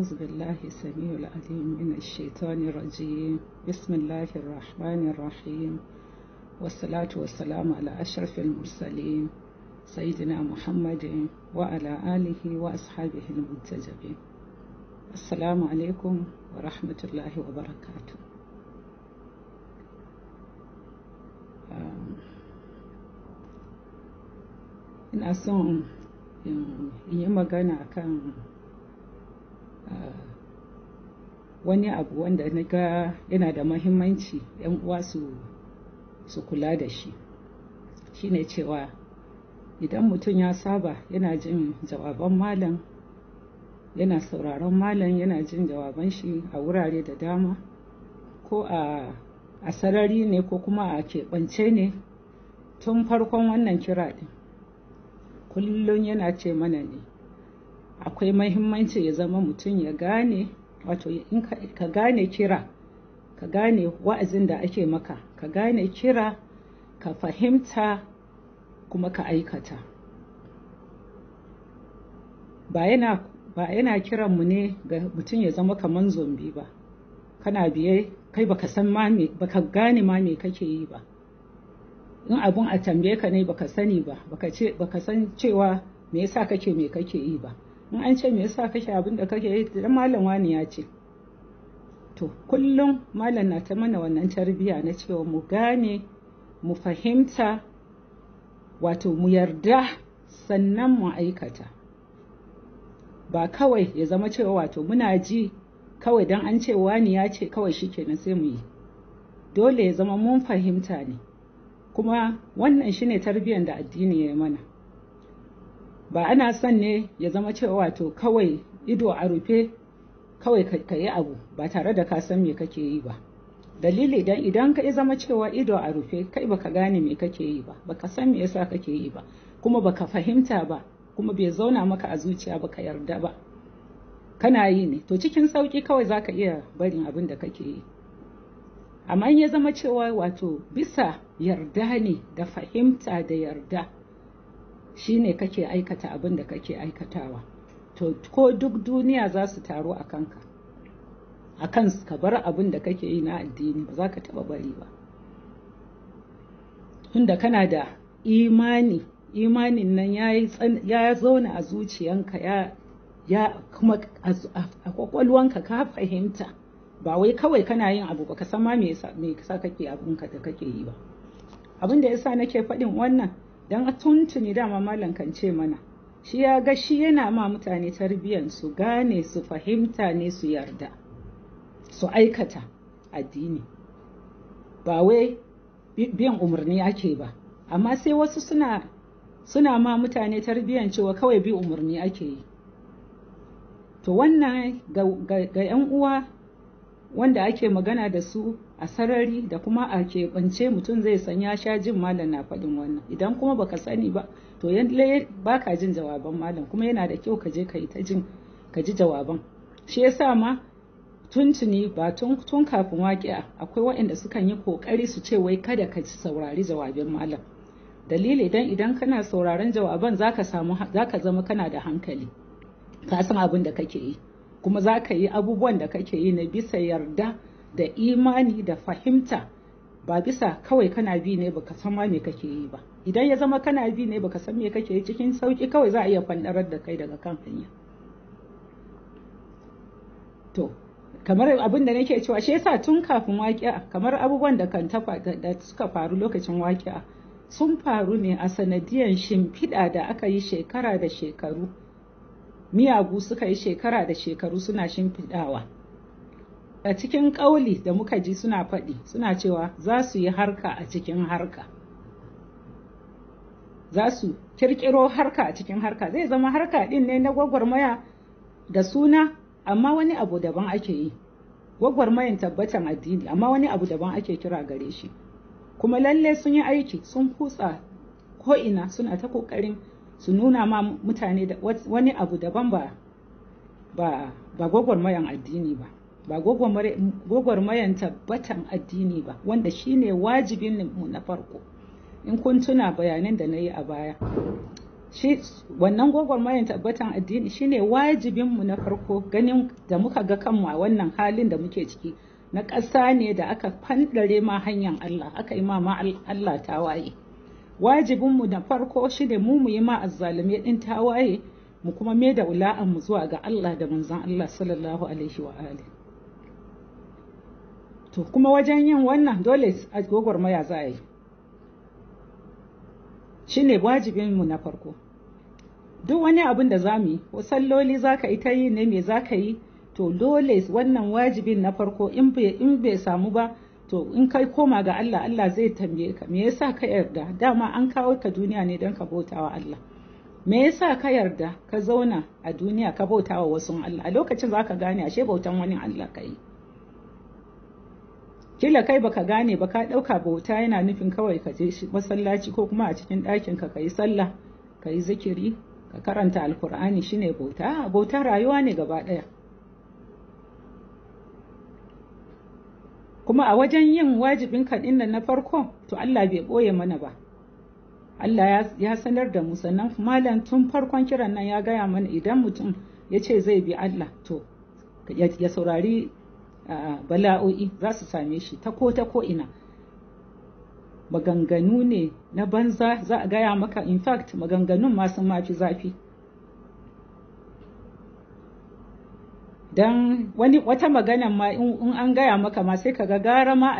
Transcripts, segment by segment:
أعوذ بالله السميع العليم من الشيطان الرجيم بسم الله الرحمن الرحيم والصلاة والسلام على أشرف المرسلين سيدنا محمد وعلى آله وأصحابه المنتجبين السلام عليكم ورحمة الله وبركاته إن son in yi magana wani abu wanda na ga yana da mahimmanci 'yan uwa su kula da shi shine cewa idan mutum ya saba yana jin jawaban malam yana sauraron malam yana jin jawaban shi a wurare da dama ko a a sarari ne ko kuma a keɓance ne tun farkon wannan kira ɗin kullum yana ce mana ne akwai mahimmanci ya zama mutum ya gane wato ka gane kira ka gane wa'azin da ake maka ka gane kira ka fahimta kuma ka aikata ba yana ba kiran mu ne ga mutum ya zama kaman zombi ba kana biye kai baka san ma baka gane ma me kake yi ba in abun a tambaye ka ne baka sani ba baka baka san cewa me yasa kake me kake yi ba in an ce me yasa kake abin da kake yi dan malam wani ya ce to kullum malam na ta mana wannan tarbiyya na cewa mu gane mu fahimta wato mu yarda sannan mu aikata ba kawai ya zama cewa wato muna ji kawai dan an ce wani ya ce kawai na sai mu yi dole ya zama mun fahimta ne kuma wannan shine tarbiyyar da addini ya yi mana ba ana son ne ya zama cewa wato kawai ido a rufe kawai ka yi abu ba tare da ka san me kake yi ba dalili idan idan ka zama cewa ido a rufe kai baka gane me kake yi ba baka san me yasa kake yi ba kuma baka fahimta ba kuma bai zauna maka a zuciya baka yarda ba kana yi ne to cikin sauki kawai zaka iya barin abin da kake yi amma in ya zama cewa wato bisa yarda ne da fahimta da yarda Shi shine kake aikata abin da kake aikatawa to ko duk duniya za su taru a kanka a kan ka bar abin da kake yi na addini ba za ka taba bari ba tunda kana da imani imanin nan ya zauna a zuciyanka ya ya kuma a kwakwalwanka ka fahimta ba wai kawai kana yin abu ba ka san ma me yasa kake abinka da kake yi ba abin da yasa nake faɗin wannan don a tuntuni dama malam kan ce mana shi ya ga shi yana ma mutane tarbiyyar su gane su fahimta ne su yarda su aikata addini ba wai biyan umarni ake ba amma sai wasu suna suna ma mutane tarbiyyar cewa kawai bi umarni ake yi to wannan ga 'yan uwa wanda ake magana da su a sarari da kuma a keɓance mutum zai san ya sha jin malam na faɗin wannan idan kuma baka sani ba to yadda ba ka jin jawaban malam kuma yana da kyau ka je ka yi ta jin ka ji jawaban shi yasa ma tuntuni ba tun kafin waƙiya akwai waɗanda sukan yi ƙoƙari su ce wai kada ka saurari jawaban malam dalili idan idan kana sauraron jawaban zaka samu zaka zama kana da hankali ka san abin da kake yi kuma zaka yi abubuwan da kake yi na bisa yarda da imani da fahimta ba bisa kawai kana bi ne baka san ma me kake yi ba idan ya zama kana bi ne baka san me kake yi cikin sauki kawai za a iya fandarar da kai daga kan hanya to kamar abin da nake cewa shi yasa tun kafin waƙi'a kamar abubuwan da kan da suka faru lokacin waƙi'a sun faru ne a sanadiyan shimfiɗa da aka yi shekara da shekaru miyagu suka yi shekara da shekaru suna shimfiɗawa a cikin ƙauli da muka ji suna faɗi suna cewa za su yi harka a cikin harka za su kirkiro harka a cikin harka zai zama harka ɗin ne na gwagwarmaya da suna amma wani abu daban ake yi gwagwarmayan tabbatan addini amma wani abu daban ake kira gare shi kuma lalle sun yi aiki sun kutsa ko'ina suna ta ƙoƙarin su nuna ma mutane wani abu daban ba gwagwarmayan addini ba ba gwagwarmayan tabbatan addini ba wanda shine wajibin mu na farko in kun tuna bayanan da na yi a baya shi wannan gwagwarmayan tabbatan addini shine wajibin mu na farko ganin da muka ga kanmu a wannan halin da muke ciki na ƙasa ne da aka fandare ma hanyar Allah aka yi ma Allah tawaye wajibinmu na farko shine ne mu yi ma azzalume ta tawaye mu kuma mai da wula'an mu zuwa ga Allah da manzon Allah sallallahu alaihi wa alihi to kuma wajen yin wannan dole a maya za a yi shi ne wajibinmu na farko duk wani abin da za mu yi salloli za ka yi ta yi ne me za ka yi to dole wannan wajibin na farko in bai samu ba to in kai koma ga Allah Allah zai tambaye ka me yasa ka yarda dama an kawo ka duniya ne don ka bautawa Allah me yasa ka yarda ka zauna a duniya ka bauta wa wasu Allah a lokacin za ka gane ashe bautan wani Allah ka yi kila kai baka gane ba ka ɗauka bauta yana nufin kawai ka je masallaci ko kuma a cikin ɗakin ka kai sallah ka yi zikiri ka karanta alkur'ani shine bauta bauta rayuwa ne gaba ɗaya kuma a wajen yin wajibin ka nan na farko to Allah bai boye mana ba Allah ya sanar da mu sannan malam tun farkon kiran nan ya gaya mana idan mutum ya ce zai bi Allah to ya saurari bala'o'i za su same shi ta ko ta ko maganganu ne na banza za a gaya maka in fact maganganun ma sun mafi zafi don wani wata magana ma in an gaya maka ma sai ka ga gara ma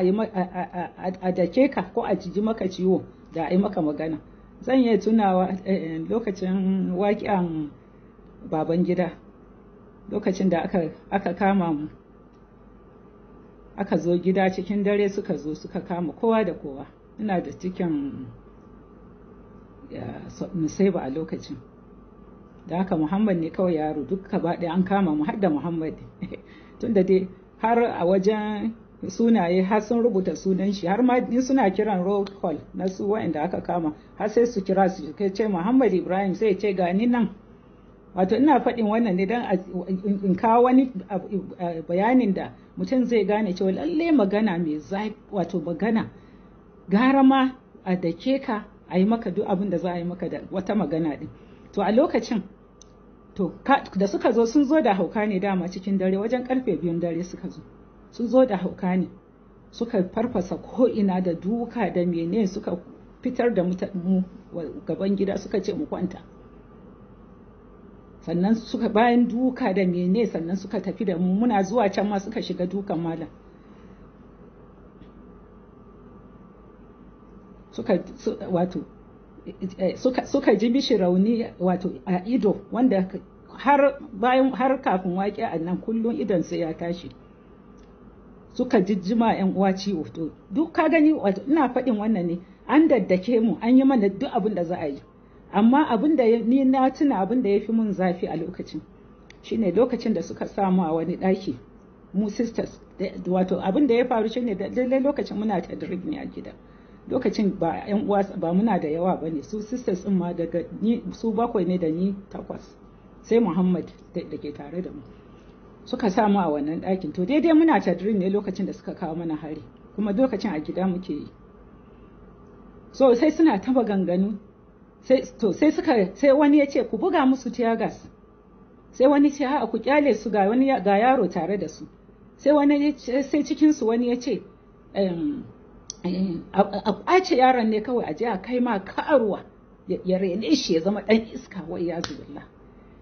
a dake ka ko a jiji maka ciwo da a yi maka magana zan iya tunawa eh, eh, lokacin waƙiyan baban gida lokacin da aka kama mu aka zo gida cikin dare suka zo suka kama kowa da kowa ina da cikin musaiba a lokacin da haka muhammad ne kawai yaro duk gaba ɗaya an kama mu hadda muhammad Tun da dai har a wajen sunaye har sun rubuta sunan shi har ma in suna kiran roll call na su wa'anda aka kama har sai su kira su ce muhammad ibrahim sai ce gani nan wato ina faɗin wannan ne don in kawo wani bayanin da mutum zai gane cewa lalle magana mai zafi wato magana gara ma a dake ka a yi maka duk abin da za a yi maka da wata magana din to a lokacin to da suka zo sun zo da hauka ne dama cikin dare wajen karfe biyun dare suka zo sun zo da hauka ne suka farfasa ko'ina da duka da mene suka fitar da mu gaban gida suka ce mu kwanta sannan suka bayan duka da mene sannan suka tafi da mu muna zuwa can ma suka shiga dukan malam eh, eh, suka ji mishi rauni wato a ido wanda har bayan har kafin waƙe a nan kullum idon sai ya tashi suka jijjima yan uwa ciwo to duk ka gani wato ina faɗin wannan ne an daddake mu an yi mana duk abin da za a yi amma abin da ni na tuna abin da ya fi mun zafi a lokacin shine lokacin da suka samu a wani ɗaki mu sisters wato abin da ya faru shine da lokacin muna ta ne a gida lokacin ba yan uwa ba muna da yawa bane su sisters din ma daga ni su bakwai ne da ni takwas sai Muhammad da ke tare da mu suka samu a wannan ɗakin to daidai muna ta ne lokacin da suka kawo mana hari kuma lokacin a gida muke yi so sai suna ta maganganu sai to sai suka sai wani ya ce ku buga musu tear gas sai wani ce ha ku kyale su ga wani ga yaro tare da su sai wani sai cikin su wani ya ce a kwace yaron ne kawai a je a kai ma karuwa ya rene shi ya zama dan iska wai ya zubillah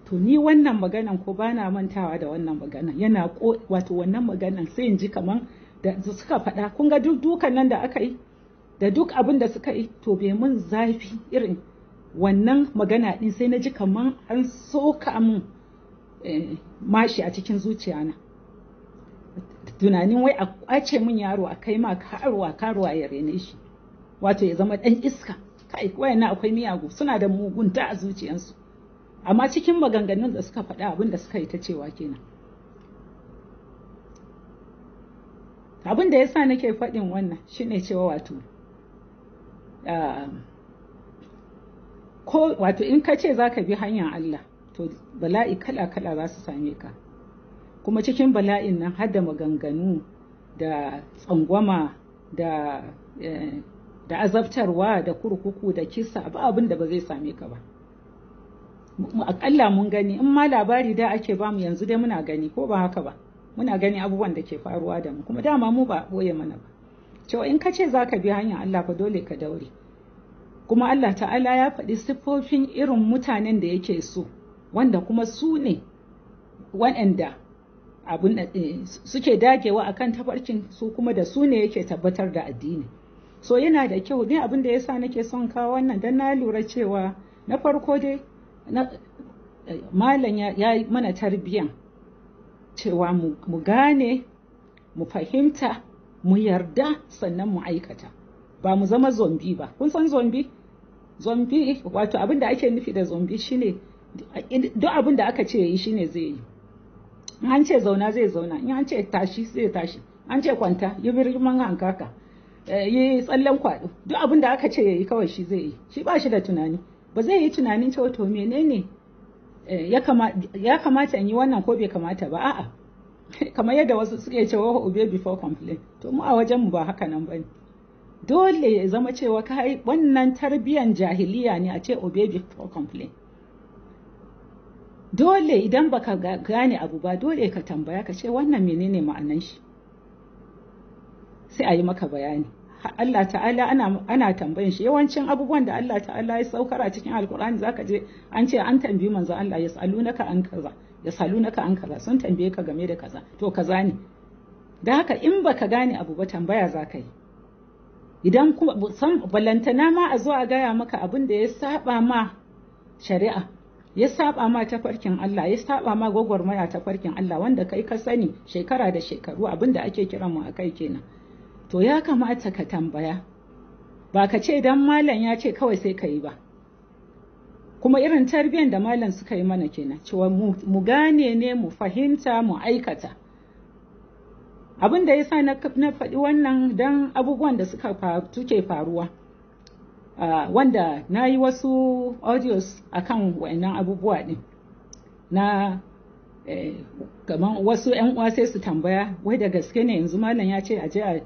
to ni wannan maganan ko bana mantawa da wannan maganan yana ko wato wannan maganan sai in ji kaman da suka faɗa kun ga duk dukan nan da aka yi da duk abin da suka yi to bai mun zafi irin wannan magana ɗin sai na ji kaman an soka min eh, mashi a cikin zuciyana tunanin wai a kwace min yaro a kai ma karuwa karuwa ya rene shi wato ya zama ɗan iska kai wayana akwai miyagu suna da mugunta a zuciyansu amma cikin maganganun da suka faɗa abin da suka yi ta cewa kenan abin da ya yasa nake faɗin wannan shine cewa wato ah, ko wato in ka ce za ka bi hanyar Allah to bala'i kala-kala za su same ka kuma cikin bala'in nan har da maganganu da tsangwama da eh, azabtarwa da kurkuku da kisa ba abin da ba zai same ka ba akalla mun gani in ma labari da ake bamu yanzu dai muna gani ko ba haka ba muna gani abubuwan da ke faruwa da mu kuma dama mu ba boye mana ba cewa in ka ce za ka bi hanyar Allah fa dole ka daure kuma Allah ta'ala ya faɗi siffofin irin mutanen da yake so wanda kuma su ne waɗanda eh, suke dagewa akan tafarkin su kuma da su ne yake tabbatar da addini so yana da kyau ne abin da ya sa nake son kawo wannan don na lura cewa na farko dai eh, malam ya yi mana tarbiyyan cewa mu gane mu fahimta mu yarda sannan mu aikata ba mu zama zombi ba kun san zombi zombi wato abin da ake nufi da zombi shine duk abin da aka ce yi shine zai yi in an ce zauna zai zauna in an ce tashi zai tashi an ce kwanta yi birman hankaka eh, yi tsallen kwaɗo duk abin da aka ce ya yi kawai shi zai yi shi ba shi da tunani ba zai yi tunanin cewa to menene eh, ya kamata in yi wannan ko bai kamata ba a'a kamar yadda wasu suke cewa oh, obey before complain to mu a wajen mu ba haka nan bane dole ya zama cewa kai wannan tarbiyan jahiliya ne a ce obey before complain dole idan baka gane abu ba dole ka tambaya ka ce wannan menene ma'anan shi sai a yi maka bayani Allah ta'ala ana, ana tambayin shi yawancin abubuwan da Allah ta'ala ya saukar a cikin alkur'ani zaka je an ce an tambayi manzo Allah ya salunaka an kaza ya salunaka an kaza sun tambaye ka game da kaza to kaza ne da haka in baka gane abu ba tambaya zaka yi idan kuma san balantana ma a zo a gaya maka abin da ya saba ma shari'a ya saba ma tafarkin Allah ya saba ma gwagwarmaya tafarkin Allah wanda kai ka sani shekara da shekaru abin da ake kiran mu a kai kenan to ya kamata ka tambaya ba ka ce dan malam ya ce kawai sai ka yi ba kuma irin tarbiyyar da malam suka yi mana kenan cewa mu gane ne mu fahimta mu aikata abin da ya sa na faɗi wannan don abubuwan da suka tuke faruwa wanda na yi wasu audios a kan wannan abubuwa ɗin na e, kamar wasu 'yan uwa sai su tambaya wai da gaske ne yanzu malam ya ce a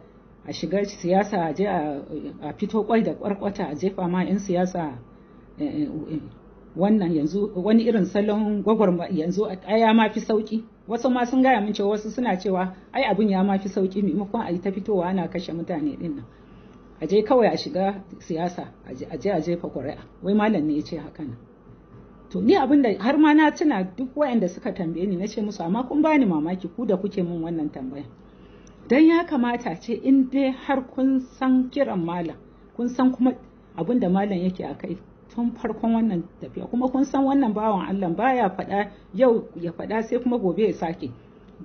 a shiga siyasa a a fito kwai da kwarkwata a jefa ma 'yan siyasa e, e, wannan yanzu wani irin salon gwagwarma yanzu a ya ma fi sauki wasu ma sun gaya min cewa wasu suna cewa ai abin ya ma fi sauki maimakon a yi ta fitowa ana kashe mutane din nan a je kawai a shiga siyasa a je a jefa ƙuri'a wai malam ne ya ce haka nan to ni abin da har ma na tuna duk waɗanda suka tambaye ni na ce musu amma kun bani mamaki ku da kuke min wannan tambaya dan ya kamata ce in dai har kun san kiran malam kun san kuma abin da malam yake a kai tun farkon wannan tafiya kuma kun san wannan bawan Allah baya faɗa yau ya faɗa sai kuma gobe ya sake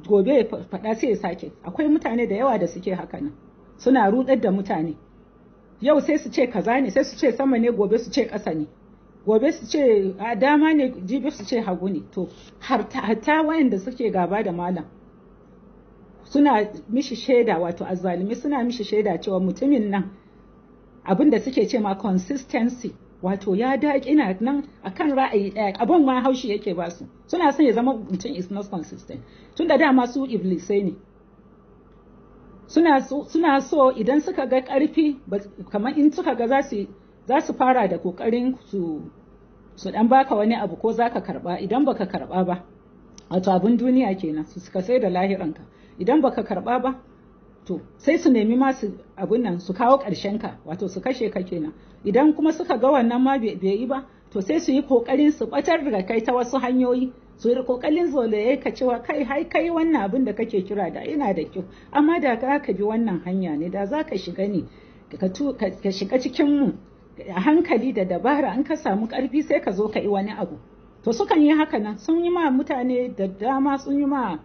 gobe ya faɗa sai ya sake akwai mutane da yawa da suke haka nan suna rudar da mutane yau sai su ce kaza ne sai su ce sama ne gobe su ce ƙasa ne gobe su ce a dama ne jibi su ce hagu ne to har ta wayanda suke gaba da malam suna mishi shaida wato azzalumi suna mishi shaida cewa mutumin nan abin da suke ce ma consistency wato ya daƙina nan akan ra'ayi ɗaya abun ma haushi yake ba su suna son ya zama mutum is not consistent da dama su iblisai ne suna so idan suka ga ƙarfi kamar in suka ga za su fara da ƙoƙarin su su dan baka wani abu ko zaka karba idan baka karba ba wato abun duniya kenan su suka sai da lahiranka idan baka karɓa ba to sai su nemi masu su abin nan su kawo ƙarshen ka wato su kashe ka kenan idan kuma suka ga wannan ma bai yi ba to sai su yi kokarin su batar da kai ta wasu hanyoyi su yi kokarin zolaye ka cewa kai hai kai wannan abin da kake kira da ina da kyau amma da ka ka bi wannan hanya ne da za ka shiga ne ka shiga cikin mu a hankali da dabara an ka samu karfi sai ka zo ka yi wani abu to sukan yi haka nan sun yi ma mutane da dama sun yi ma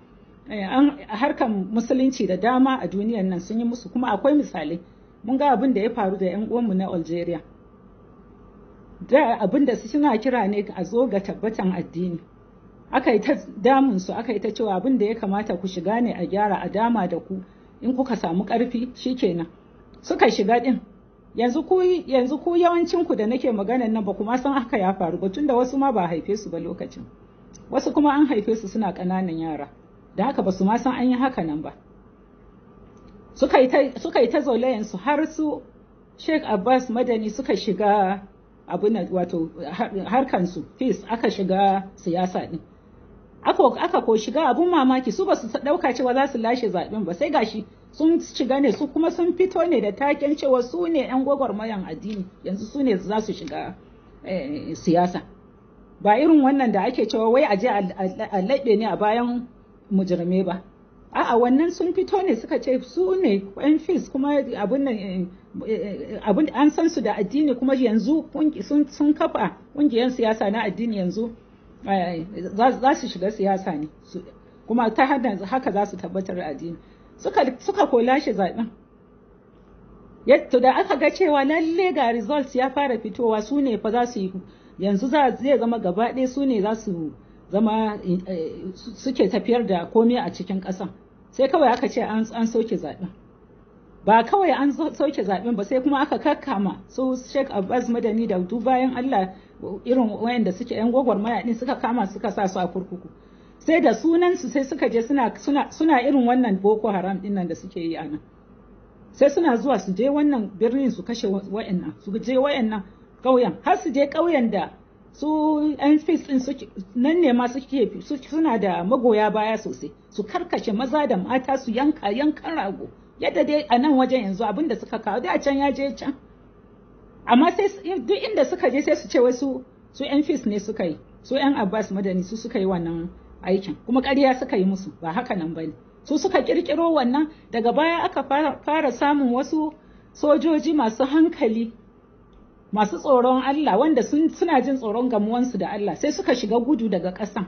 Eh, a harkar musulunci da dama a duniyar nan sun yi musu kuma akwai misalai mun ga abin da ya faru da 'yan uwanmu na algeria da abin da suna kira ne a zo ga tabbatan addini aka yi ta damunsu, aka yi ta cewa abin da ya kamata ku shiga ne a gyara a dama da ku in kuka samu karfi shikenan suka shiga din yanzu ku yanzu ku yawancin ku da nake maganar nan ba kuma san haka ya faru ba tunda wasu ma ba haife su ba lokacin wasu kuma an haife su suna ƙananan yara da haka ba su ma san an yi haka nan ba suka yi ta zaulayensu har su sheikh abbas madani suka shiga abin wato harkansu fis aka shiga siyasa din aka ko shiga abun mamaki su basu su ɗauka cewa za su lashe zaɓen ba sai gashi sun shiga ne su kuma sun fito ne da taken cewa su ne 'yan gwagwarmayan addini yanzu su ne za su shiga eh, siyasa ba irin wannan da ake cewa wai aje a laɓe ne a bayan mujirme ba a'a wannan sun fito ne suka ce su ne yan fis kuma eh, abun an san su da addini kuma yanzu sun kafa ƙungiyar siyasa na addini yanzu eh, za su shiga siyasa ne kuma ta haka za su tabbatar da addini suka kola shi zaɓen yadda da aka ga cewa lalle ga results ya fara fitowa su ne fa za su yi yanzu zai zama gaba ɗaya su ne za su zama eh, suke tafiyar da komai a cikin ƙasan sai kawai aka ce an soke zaɓen ba kawai an soke zaɓen ba sai kuma aka kakkama su sheikh abbas madani da duk bayan allah irin wayanda suke yan maya din suka kama suka sa su a kurkuku sai da sunansu sai suka je suna irin wannan boko haram din nan da suke yi a nan sai suna zuwa su je wannan birnin su kashe wayannan su je wayannan ƙauyen har su je kauyen da su yan fis din nan ne ma suke suna da magoya baya sosai su karkace maza da mata su yanka yankan rago yadda dai a nan wajen yanzu abin da suka kawo da can ya je can amma sai eh, duk inda suka je sai su ce wasu su yan fis ne suka yi su yan abbas madani su suka yi wannan aikin kuma ƙarya suka yi musu ba haka nan bane su suka kirkiro wannan daga baya aka fara samun wasu sojoji masu hankali masu tsoron Allah wanda suna jin tsoron gamuwansu da Allah sai suka shiga gudu daga ƙasan.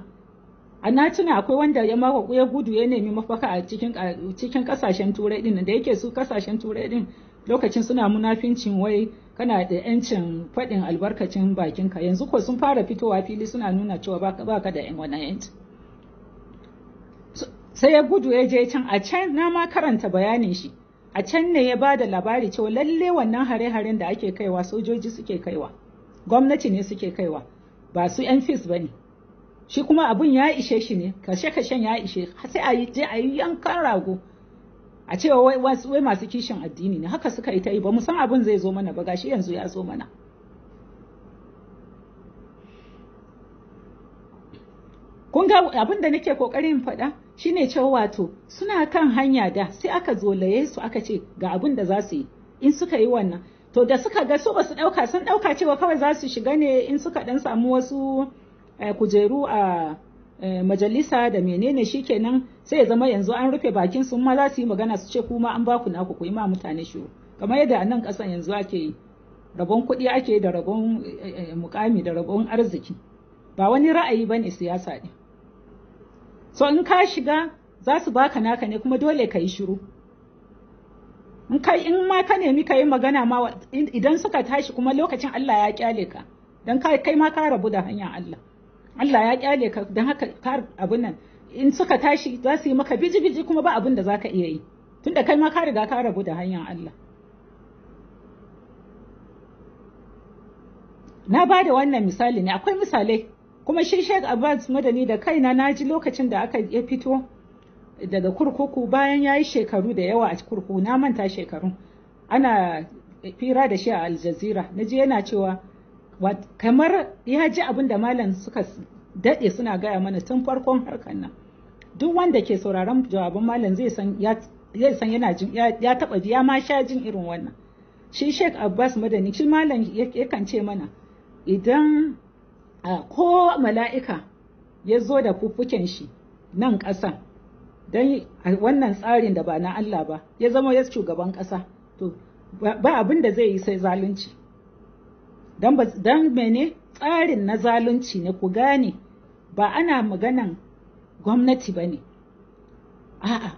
A na tuna akwai wanda ya ma ya gudu ya nemi mafaka a cikin kasashen turai din da yake su kasashen turai din lokacin suna munafincin wai kana da yancin faɗin albarkacin bakinka yanzu ko sun fara fitowa fili suna nuna cewa ba ka da yan wani yanci. Sai ya gudu ya je can a can na ma karanta bayanin shi. a can ne ya ba da labari cewa lalle wannan hare-haren da ake kaiwa sojoji suke kaiwa gwamnati ne suke kaiwa ba su 'yan fis ba ne shi kuma abun ya ishe shi ne kashe-kashen ya ishe sai a yi je a yi yankan rago a cewa wai masu kishin addini ne haka suka yi ta yi ba mu san abin zai zo mana ba gashi yanzu ya zo mana kun ga abin da nake kokarin faɗa shine cewa wato suna kan hanya da sai aka zolaye su aka ce ga abin da za su yi in suka yi wannan to da suka ga su basu ɗauka sun dauka cewa kawai za su shiga ne in suka dan samu wasu eh, kujeru a eh, majalisa da menene shi shikenan sai ya zama yanzu an rufe bakin su ma za su yi magana su ce kuma an baku naku ku yi mutane shi kamar yadda a nan kasan yanzu ake yi rabon kuɗi ake da rabon eh, mukami da rabon arziki ba wani ra'ayi bane siyasa ne so in ka shiga za su baka naka ne kuma dole ka yi shiru in kai in ma ka nemi ka yi magana ma idan suka tashi kuma lokacin Allah ya kyale ka dan kai kai ma ka rabu da hanyar Allah Allah ya kyale ka dan haka ka abun nan in suka tashi za su yi maka biji biji kuma ba abin da za ka iya yi tunda kai ma ka riga ka rabu da hanyar Allah na ba da wannan misali ne akwai misalai kuma shi Sheikh Abbas Madani da kaina na ji lokacin da aka ya fito daga kurkuku bayan ya yi shekaru da yawa a kurkuku na manta shekaru ana fira da shi a aljazira na ji yana cewa kamar ya ji abin da malam suka daɗe suna gaya mana tun farkon harkar nan duk wanda ke sauraron jawabin malam zai san ya san yana jin ya taɓa ji ya ma sha jin irin wannan shi Sheikh Abbas Madani shi malam yakan ce mana idan ko mala'ika ya zo da fuffuken shi nan ƙasa don wannan tsarin da ba na Allah ba ya zama ya shugaban ƙasa to ba abin da zai yi sai zalunci don mene tsarin na zalunci ne ku gane ba ana maganan gwamnati ba ne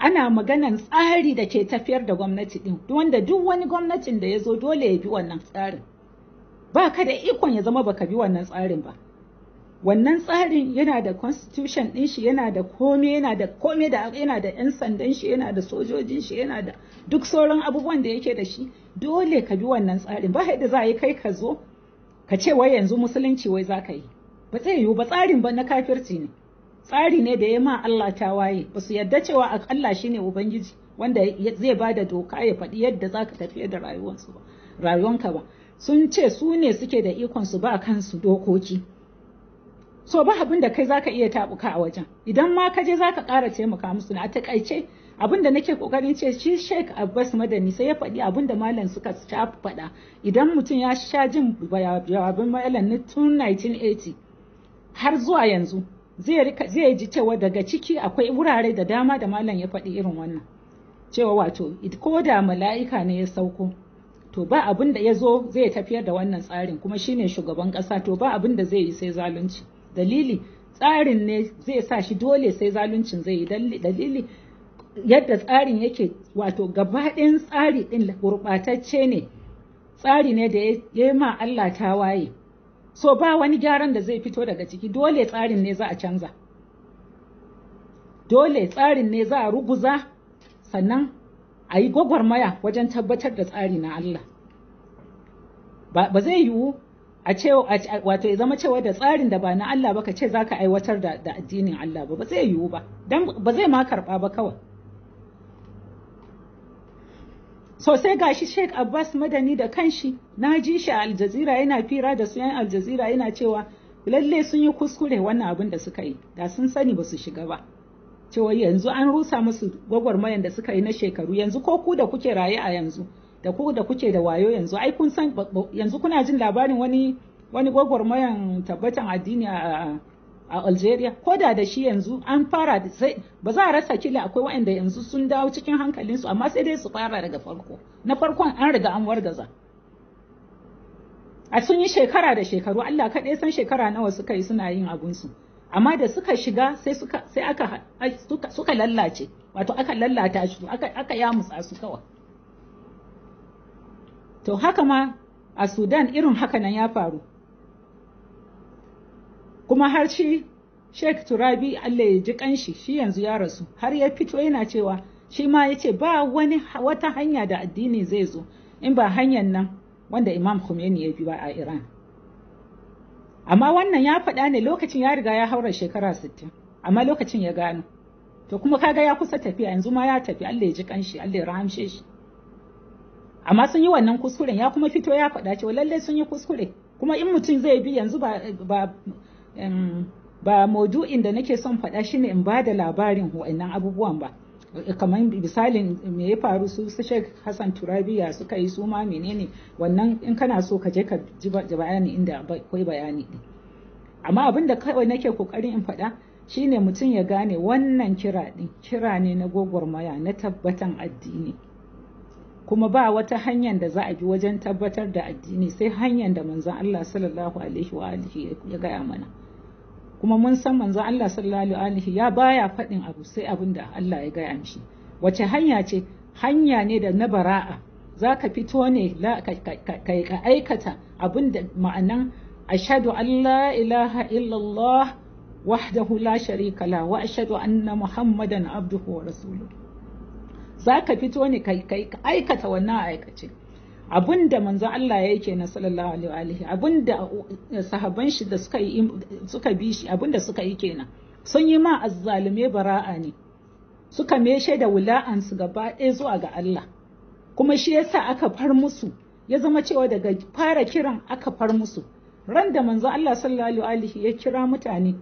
ana maganan tsari da ke tafiyar da gwamnati ɗin wanda duk wani gwamnatin da ya zo dole ya bi wannan tsarin ba ka da ikon ya zama baka bi wannan tsarin ba wannan tsarin yana da constitution ɗin shi yana da komai yana da komai da yana da yan sandan shi yana da sojojin shi yana da duk sauran abubuwan da yake da shi dole ka bi wannan tsarin ba yadda za a yi kai ka zo ka ce wai yanzu musulunci wai za ka yi ba zai yiwu ba tsarin ba na kafirci ne tsari ne da ya ma Allah ta waye ba su yarda cewa Allah shi ne ubangiji wanda zai ba da doka ya faɗi yadda za ka tafi da rayuwansu ba rayuwanka ba sun ce su ne suke da ikon su ba kansu dokoki so ba abin da kai zaka iya tabuka a wajen idan ma ka je zaka ƙara taimaka musu na a takaice abin da nake kokarin ce shi Sheikh Abbas Madani sai ya faɗi abin da malam suka ta faɗa idan mutum ya sha jin jawabin mallan tun 1980 har zuwa yanzu zai ji cewa daga ciki akwai wurare da dama da malam ya faɗi irin wannan cewa wato ko da mala'ika ne ya sauko to ba abin da ya zo zai tafiyar da wannan tsarin kuma shine shugaban ƙasa to ba abin da zai yi sai zalunci dalili tsarin ne zai sa shi dole sai zaluncin zai yi dalili yadda tsarin yake wato gabaɗin tsari ɗin gurɓatacce ne tsari ne da ya ma Allah ta waye so ba wani gyaran da zai fito daga ciki dole tsarin ne za a canza dole tsarin ne za a ruguza sannan a yi gwagwarmaya wajen tabbatar da tsari na Allah ba zai yiwu a ce wato ya zama cewa da tsarin da ba na Allah ba ka ce zaka aiwatar da da addinin Allah ba ba zai yiwu ba dan ba zai ma karɓa ba kawai so sai gashi Sheikh Abbas Madani da kanshi na ji shi a Aljazeera yana fira da su yan Aljazeera yana cewa lalle sun yi kuskure wannan abin da suka yi da sun sani ba su shiga ba cewa yanzu an rusa musu gwagwarmayan da suka yi na shekaru yanzu ko ku da kuke raye a yanzu da ku da kuke da wayo yanzu ai kun san yanzu kuna jin labarin wani wani gwagwarmayan tabbatan addini a a Algeria ko da da shi yanzu an fara sai ba za a rasa kila akwai waɗanda yanzu sun dawo cikin hankalinsu amma sai dai su fara daga farko na farkon an riga an wargaza a sun yi shekara da shekaru Allah kaɗai san shekara nawa suka yi suna yin abun su. amma da suka shiga sai suka sai aka suka, suka lallace wato aka lallata shi aka aka yamusa su kawai to haka ma a sudan irin haka nan ya faru kuma har shi sheik turabi allah ya ji kanshi shi yanzu ya rasu har ya fito yana cewa shi ma ya ce ba wani wata hanya da addini zai zo in ba hanyar nan wanda imam Khomeini ya bi ba a iran amma wannan ya faɗa ne lokacin ya riga ya haura shekara 60 amma lokacin ya gano to kuma kaga ya kusa tafiya yanzu ma ya tafi allah ya ji kanshi allah ya rahamshe shi amma sun yi wannan kuskuren ya kuma fito ya faɗa cewa lallai sun yi kuskure kuma in mutum zai bi yanzu ba ba ba maudu'in da nake son faɗa shine in bada labarin wa'annan abubuwan ba kamar misalin me ya faru su Sheikh Hassan Turabiya suka yi su ma menene wannan in kana so ka je ka ji bayani inda akwai bayani din amma abin da kawai nake kokarin in faɗa shine mutum ya gane wannan kira din kira ne na gwagwarmaya na tabbatan addini kuma ba wata hanyar da za a bi wajen tabbatar da addini sai hanyar da manzon Allah sallallahu alaihi wa alihi ya gaya mana kuma mun san manzon Allah sallallahu alaihi ya baya faɗin abu sai abin da Allah ya gaya mishi wace hanya ce hanya ne da na bara'a za ka fito ne ka aikata abin da ma'anan ashadu an la ilaha illallah wahdahu la sharika la wa ashadu anna muhammadan abduhu wa rasuluhu za ka fito ne ka aikata wannan aikace abin da manzo Allah ya yake na sallallahu alaihi wa alihi abin da sahaban shi da suka bi shi abin da suka yi kenan sun yi ma azzalume bara'a ne suka meshe da wula'ansu su gaba ɗaya zuwa ga Allah kuma shi yasa aka far musu ya zama cewa daga fara kiran aka far musu ran da manzo Allah sallallahu alaihi ya kira mutane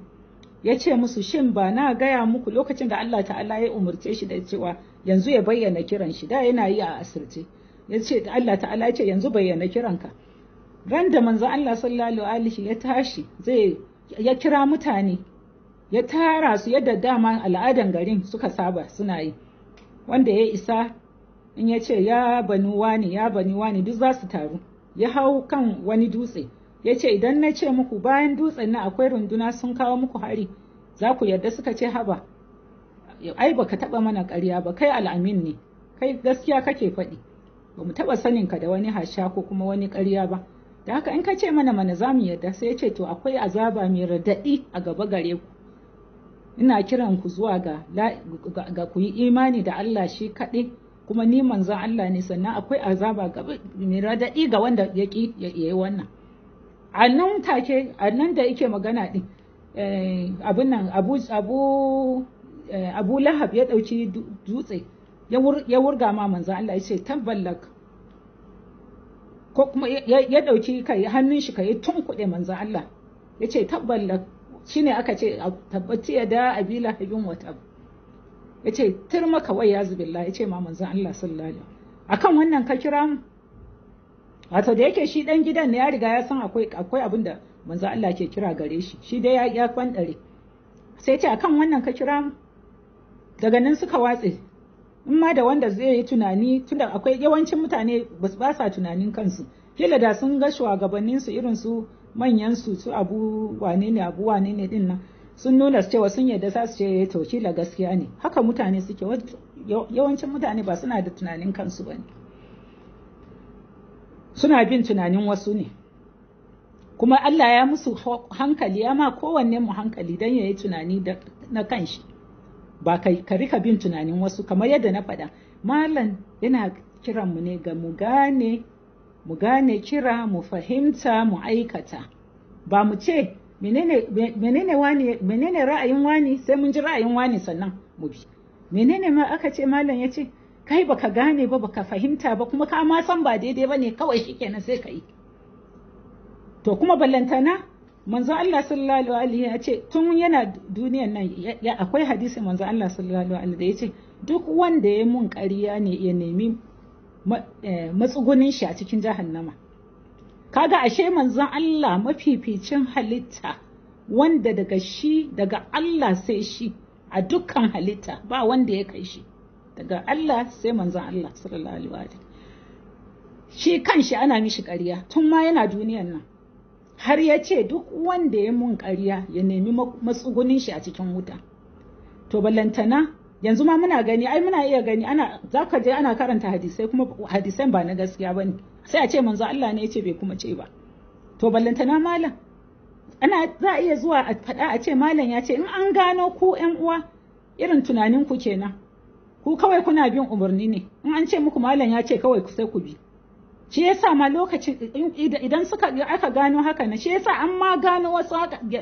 ya ce musu shin ba na gaya muku lokacin da Allah ta'ala ya umurce shi da cewa yanzu ya bayyana kiran shi da yana yi a asirce ya ce Allah ta'ala ya ce yanzu bayyana kiranka ran da manzo Allah sallallahu alaihi ya tashi zai ya kira mutane ya tara su yadda dama al'adan garin suka saba suna yi wanda ya isa in ya ce ya bani wani ya bani wani duk za su taru ya hau kan wani dutse ya ce idan na ce muku bayan dutsen na akwai runduna sun kawo muku hari za ku yarda suka ce haba ai ba ka taba mana ƙarya ba kai al'amin ne kai gaskiya kake faɗi ba mu taba sanin ka da wani hasha ko kuma wani ƙarya ba da haka in ka ce mana mana za mu yarda sai ya ce to akwai azaba mai radaɗi a gaba gare ku ina kiran ku zuwa ga ga ku yi imani da Allah shi kaɗai kuma ni manzon Allah ne sannan akwai azaba mai radaɗi ga wanda ya yi wannan a nan take a nan da yake magana din eh, abun nan abu abu eh, abu lahab ya dauki dutse ya wurga ma manzo Allah ya ce tabbalak ko kuma ya dauki kai hannun shi kai tun kuɗe manzo Allah ya ce tabbalak shine aka ce tabbaci ya da abila habin wata ya ce tirma kawai ya zubillah ya ce ma manzo Allah sallallahu akan wannan ka kira mu wato da yake shi dan gidan ne ya riga ya san akwai akwai abin da manzo Allah ke kira gare shi shi dai ya ya kwandare sai ce akan wannan ka kira daga nan suka watse in ma da wanda zai yi tunani tunda akwai yawancin mutane ba sa tunanin kansu kila da sun ga shugabannin su irin su manyan su su abu wane ne abu wane ne din nan sun nuna cewa sun yarda za su ce eh, to kila gaskiya ne haka mutane suke yawancin mutane ba suna da tunanin kansu bane suna bin tunanin wasu ne kuma Allah ya musu hankali ya ma kowanne mu hankali don yayi tunani na kanshi ba ka rika bin tunanin wasu kamar yadda na faɗa malam yana kiran mu ne ga mu gane mu gane kira mu fahimta mu aikata ba mu ce menene ra'ayin wani sai mun ji ra'ayin wani sannan mu bi menene ma aka ce malam ya ce kai baka gane ba baka fahimta ba kuma ka ma san ba daidai ba ne kawai shikenan sai ka yi to kuma ballantana manzo Allah sallallahu alaihi ya ce tun yana duniyan nan akwai hadisi manzo Allah sallallahu alaihi da ya ce duk wanda ya mun ƙarya ne ya nemi eh, matsugunin shi a cikin jahannama kaga ashe manzon Allah mafificin halitta wanda daga shi daga Allah sai shi a dukkan halitta ba wanda ya kai shi daga Allah sai manzan Allah sallallahu alaihi wa shi kanshi ana mishi ƙarya tun ma yana duniyar nan har ya ce duk wanda ya mun ƙarya ya nemi matsugunin shi a cikin wuta to ballantana yanzu ma muna gani ai muna iya gani ana zaka je ana karanta hadisai kuma hadisan ba na gaskiya bane sai a ce manzo Allah ne ya ce bai kuma ce ba to ballantana malam ana za a iya zuwa a faɗa a ce malam ya ce in an gano ku ƴan uwa irin tunanin ku kenan ku kawai kuna bin umarni ne in an ce muku malam ya ce kawai sai ku bi shi yasa ma lokacin idan suka aka gano haka nan shi yasa an ma gano wasu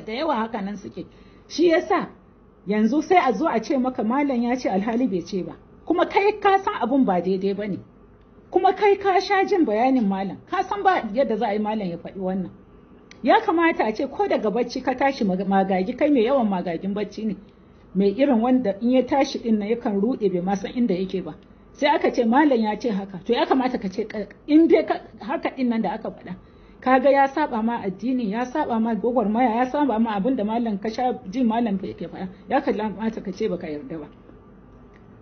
da yawa haka nan suke shi yasa yanzu sai a zo a ce maka malam ya ce alhali bai ce ba kuma kai ka san abun ba daidai ba ne kuma kai ka sha jin bayanin malam ka san ba yadda za a yi malam ya faɗi wannan ya kamata a ce ko daga bacci ka tashi magagi kai mai yawan magagin bacci ne mai irin wanda in ya tashi din nan yakan rude bai ma san inda yake ba sai aka ce malam ya ce haka to ya kamata ka ce in dai haka din nan da aka faɗa kaga ya saba ma addini ya saba ma gwagwarmaya ya saba ma abin da malam ka sha jin malam ke faɗa ya kamata ka ce baka yarda ba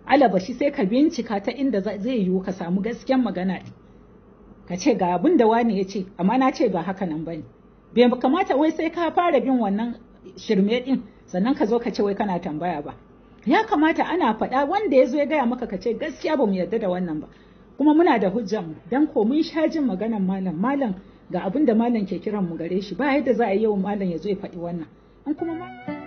alaba shi sai ka bincika ta inda zai yiwu ka samu gaskiyan magana ka ce ga abin da wani ya ce amma na ce ba haka nan bane bai kamata wai sai ka fara bin wannan shirme din sannan ka zo ka ce wai kana tambaya ba ya kamata ana faɗa wanda ya zo ya gaya maka ka ce gaskiya ba mu yarda da wannan ba kuma muna da hujjan dan ko mun sha jin maganan malam malam ga abin da malam ke kiran mu gare shi ba yadda za a yi yau malam ya zo ya faɗi wannan an kuma malam